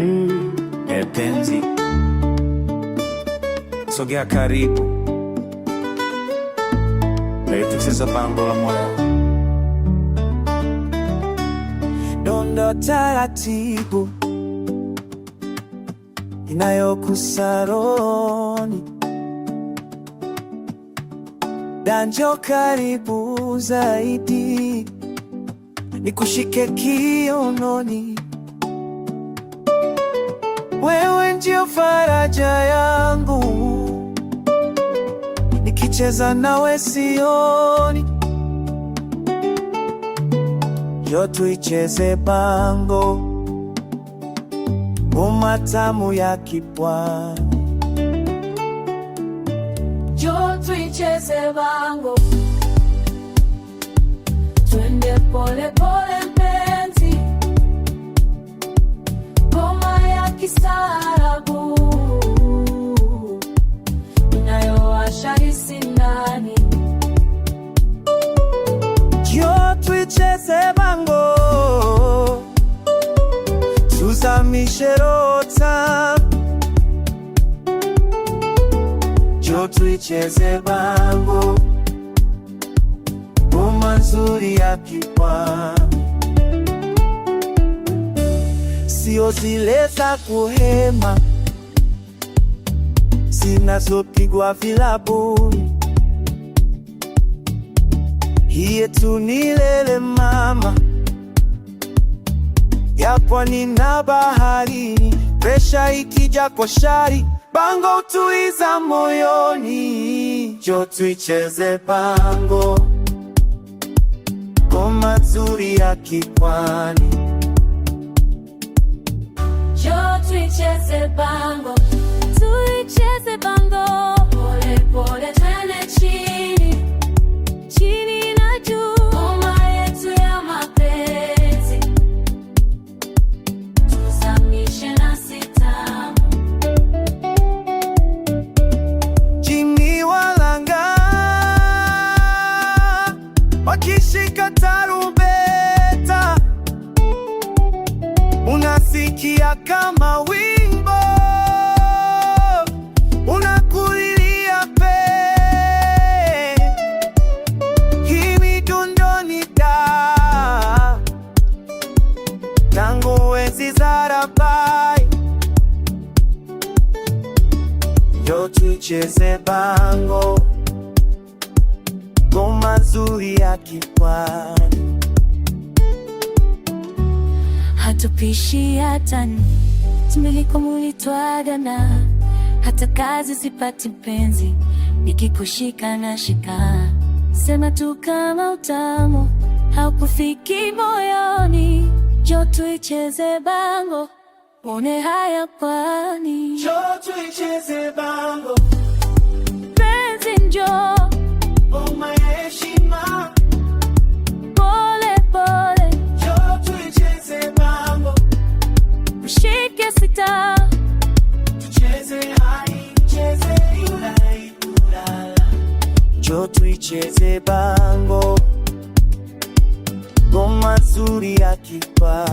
mm. sogea karibu, tucheza bango la moyo, dondo taratibu inayokusa rohoni, danjo karibu zaidi, nikushike kiononi faraja yangu, nikicheza nawe sioni. Njoo tuicheze bango, ngoma tamu ya kipwani. Njoo tuicheze bango, twende pole pole mpenzi, ngoma ya kisasa misherota jo tuicheze bango, ngoma nzuri ya kipwa, sio zile za kuhema zinazopigwa vilabuni. Hii yetu ni lele mama ya pwani na bahari. Presha ikija kwa shari, bango tuliza moyoni, jo tuicheze bango, ngoma nzuri ya kipwani, jo tuicheze bango unalia kama wimbo, unakulilia pe hii midundo ni taa tangu enzi za Rabai, njo tucheze bango, ngoma nzuri ya kipwani hatupishi hatani, tumiliko na hata kazi sipati mpenzi, nikikushika na shika, sema tu kama utamu haukufiki moyoni, njoo tuicheze bango, one haya kwani njoo tuicheze bango, penzi njoo mshike sita, tucheze hai, tucheze ulai ulala, jo tuicheze bango, ngoma nzuri ya kipa